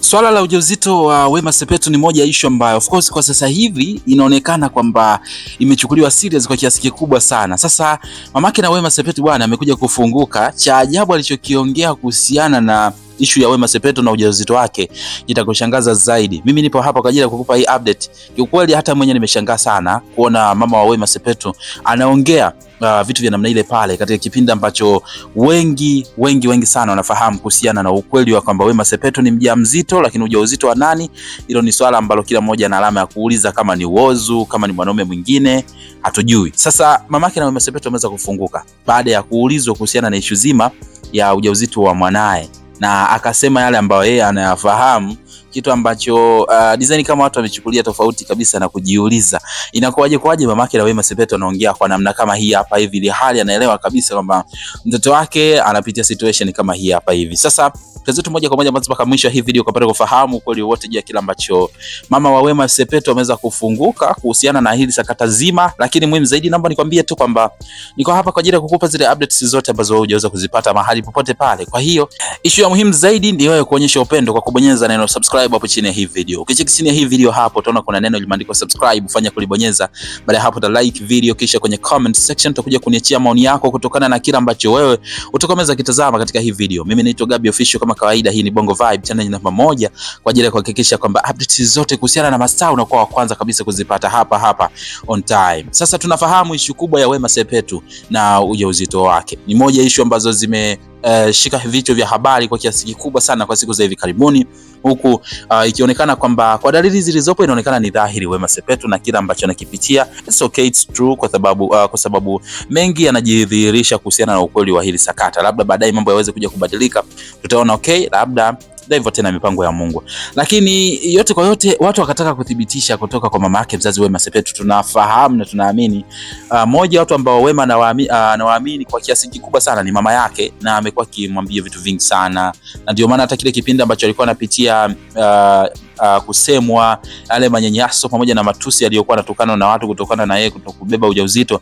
Swala la ujauzito wa uh, Wema Sepetu ni moja ya ishu ambayo of course kwa sasa hivi inaonekana kwamba imechukuliwa serious kwa kiasi kikubwa sana. Sasa mamake na Wema Sepetu bwana amekuja kufunguka. Cha ajabu alichokiongea kuhusiana na issue ya Wema Sepetu na ujauzito wake itakushangaza zaidi. Mimi nipo hapa kwa ajili ya kukupa hii update. Kiukweli hata mwenyewe nimeshangaa sana kuona mama wa Wema Sepetu anaongea Uh, vitu vya namna ile pale katika kipindi ambacho wengi wengi wengi sana wanafahamu kuhusiana na ukweli wa kwamba Wema Sepetu ni mjamzito, lakini ujauzito wa nani, hilo ni swala ambalo kila mmoja ana alama ya kuuliza, kama ni wozu, kama ni mwanaume mwingine, hatujui. Sasa mamake na Wema Sepetu wameweza kufunguka baada ya kuulizwa kuhusiana na ishu zima ya ujauzito wa mwanae na akasema yale ambayo yeye anayafahamu kitu ambacho uh, design kama watu wamechukulia tofauti kabisa na kujiuliza inakuwaje kwaje mamake na Wema Sepetu anaongea kwa namna kama hii hapa hivi, ili hali anaelewa kabisa kwamba mtoto wake anapitia situation kama hii hapa hivi. Sasa tazetu moja kwa moja mpaka mwisho hii video kapata kufahamu kweli wote juu ya kile ambacho mama wa Wema Sepetu ameweza kufunguka kuhusiana na hili sakata zima, lakini muhimu zaidi, naomba nikwambie tu kwamba niko hapa kwa ajili ya kukupa zile updates zote ambazo wewe hujaweza kuzipata mahali popote pale. Kwa hiyo issue ya muhimu zaidi ni wewe kuonyesha upendo kwa kubonyeza neno subscribe subscribe hapo chini ya hii video. Ukicheki chini ya hii video hapo utaona kuna neno limeandikwa subscribe, fanya kulibonyeza. Baada ya hapo uta like video, kisha kwenye comment section utakuja kuniachia maoni yako kutokana na kila ambacho wewe utakomeza kitazama katika hii video. Mimi naitwa Gabi Official kama kawaida, hii ni Bongo Vibe channel namba moja kwa ajili ya kuhakikisha kwamba updates zote kuhusiana na mastaa unakuwa wa kwanza kabisa kuzipata hapa hapa on time. Sasa tunafahamu ishu kubwa ya Wema Sepetu na ujauzito wake. Ni moja ishu ambazo zime eh, shika vichwa vya habari kwa kiasi kikubwa sana kwa siku za hivi karibuni huku uh, ikionekana kwamba kwa dalili zilizopo inaonekana ni dhahiri Wema Sepetu na kila ambacho anakipitia it's okay, it's true, kwa sababu uh, kwa sababu mengi yanajidhihirisha kuhusiana na ukweli wa hili sakata. Labda baadaye mambo yaweze kuja kubadilika, tutaona okay, labda hivyo tena mipango ya Mungu. Lakini yote kwa yote, watu wakataka kuthibitisha kutoka kwa mama yake mzazi Wema Sepetu. Tunafahamu na tunaamini uh, moja watu ambao Wema anawaamini ah, uh, kwa kiasi kikubwa sana ni mama yake, na amekuwa akimwambia vitu vingi sana, na ndio maana hata kile kipindi ambacho alikuwa anapitia uh, Uh, kusemwa yale manyanyaso pamoja na matusi aliyokuwa anatokana na watu kutokana na yeye kutokubeba ujauzito.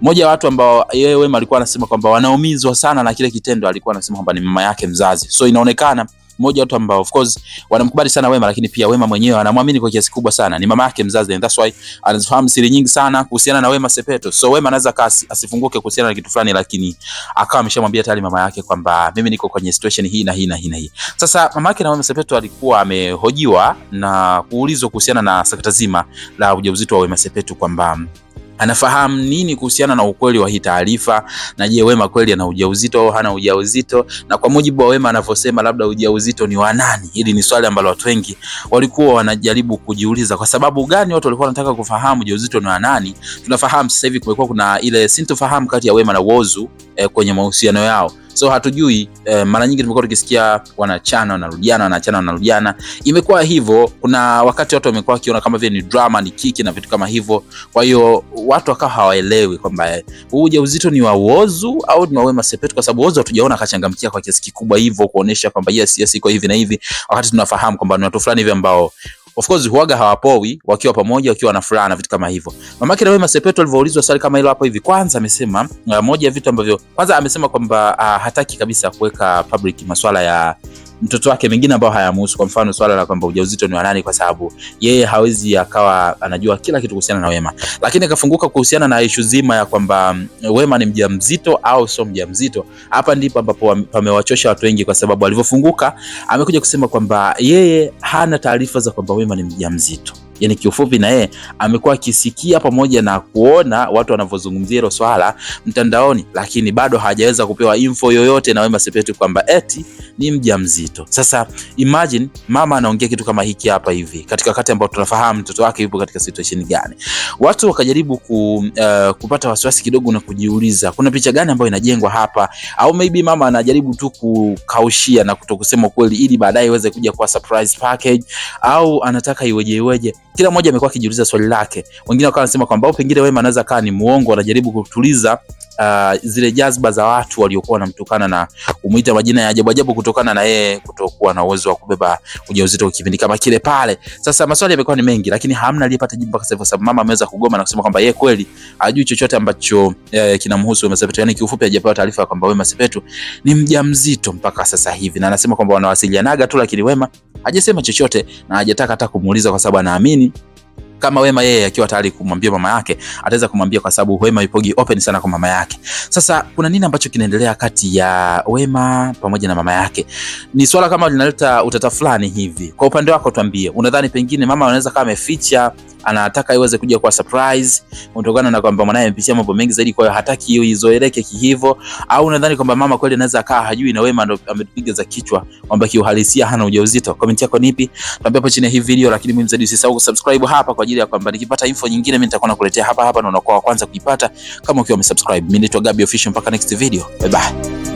Mmoja wa watu ambao yeye Wema alikuwa anasema kwamba wanaumizwa sana na kile kitendo, alikuwa anasema kwamba ni mama yake mzazi. So inaonekana mmoja watu ambao of course wanamkubali sana Wema, lakini pia Wema mwenyewe anamwamini kwa kiasi kubwa sana. Ni mama yake mzazi, and that's why anafahamu siri nyingi sana kuhusiana na Wema Sepetu. So Wema anaweza kasi asifunguke kuhusiana na kitu fulani, lakini akawa ameshamwambia tayari mama yake kwamba mimi niko kwenye situation hii na hii na hii na hii. Sasa mama yake na Wema Sepetu alikuwa amehojiwa na kuulizwa kuhusiana na sakata zima la ujauzito wa Wema Sepetu kwamba anafahamu nini kuhusiana na ukweli wa hii taarifa, na je, Wema kweli ana ujauzito au hana ujauzito? Na kwa mujibu wa Wema anavyosema, labda ujauzito ni wa nani? Hili ni swali ambalo watu wengi walikuwa wanajaribu kujiuliza. Kwa sababu gani watu walikuwa wanataka kufahamu ujauzito ni wa nani? Tunafahamu sasa hivi kumekuwa kuna ile sintofahamu kati ya Wema na Whozu eh, kwenye mahusiano yao so hatujui eh, mara nyingi tumekuwa tukisikia wanachana wanarudiana, wanachana wanarudiana, imekuwa hivyo. Kuna wakati watu wamekuwa wakiona kama vile ni drama, ni kiki na vitu kama hivyo, kwa hiyo watu wakawa hawaelewi kwamba eh, huu ujauzito ni wa Whozu au ni wa Wema Sepetu, kwa sababu Whozu hatujaona akachangamkia kwa kiasi kikubwa hivyo kuonesha kwamba yes yes iko hivi na hivi, wakati tunafahamu kwamba ni watu fulani hivi ambao Of course huaga hawapowi wakiwa pamoja, wakiwa na furaha na vitu kama hivyo. Mamake na Wema Sepetu alivyoulizwa swali kama hilo hapo hivi, kwanza amesema eh, moja ya vitu ambavyo kwanza amesema kwamba ah, hataki kabisa kuweka public masuala ya mtoto wake mengine ambayo hayamuhusu, kwa mfano swala la kwamba ujauzito ni wa nani, kwa sababu yeye hawezi akawa anajua kila kitu kuhusiana na Wema. Lakini akafunguka kuhusiana na ishu zima ya kwamba mm, Wema ni mjamzito au sio mjamzito. Hapa ndipo ambapo pamewachosha watu wengi, kwa sababu alivyofunguka amekuja kusema kwamba yeye hana taarifa za kwamba Wema ni mjamzito yani kiufupi, na yeye amekuwa akisikia pamoja na kuona watu wanavyozungumzia hilo swala mtandaoni, lakini bado hajaweza kupewa info yoyote na Wema Sepetu kwamba eti ni mjamzito. Sasa imagine mama anaongea kitu kama hiki hapa hivi katika wakati ambao tunafahamu mtoto wake yupo katika situation gani. Watu wakajaribu ku, uh, kupata wasiwasi kidogo na kujiuliza kuna picha gani ambayo inajengwa hapa, au maybe mama anajaribu tu kukaushia na kutokusema kweli, ili baadaye iweze kuja kwa surprise package, au anataka iweje iweje kila mmoja amekuwa akijiuliza swali lake, wengine wakawa wanasema kwamba pengine Wema anaweza kaa ni muongo, anajaribu kutuliza uh, zile jazba za watu waliokuwa wanamtukana na kumuita majina ya ajabu ajabu kutokana na yeye kutokuwa na uwezo wa kubeba ujauzito kipindi kama kile pale. Sasa maswali yamekuwa ni mengi, lakini hamna aliyepata jibu mpaka sasa, sababu mama ameweza kugoma na kusema kwamba yeye kweli hajui chochote ambacho eh, kinamhusu Wema Sepetu. Yani kiufupi, hajapewa taarifa kwamba Wema Sepetu ni mjamzito mpaka sasa hivi, na anasema kwamba wanawasilianaga tu, lakini Wema hajasema chochote na hajataka hata kumuuliza kwa sababu anaamini lakini kama Wema yeye akiwa tayari kumwambia mama yake ataweza kumwambia, kwa sababu Wema ipogi open sana kwa mama yake. Sasa kuna nini ambacho kinaendelea kati ya Wema pamoja na mama yake? Ni swala kama linaleta utata fulani hivi. Kwa upande wako tuambie, unadhani pengine mama anaweza kama ameficha anataka iweze kuja kwa surprise, kutokana na kwamba mwanae amepitia mambo mengi zaidi, kwa hiyo hataki izoeleke kihivo. Au unadhani kwamba mama kweli anaweza akaa hajui na Wema ndo amepiga za kichwa kwamba kiuhalisia hana ujauzito. Comment yako nipi? Tuambie hapo chini ya hii video, lakini muhimu zaidi usisahau kusubscribe hapa kwa ajili ya kwamba nikipata info nyingine mimi nitakuwa nakuletea hapa hapa na unakuwa wa kwanza kuipata kama ukiwa umesubscribe. Mimi naitwa Gabi Official, mpaka next video, bye bye.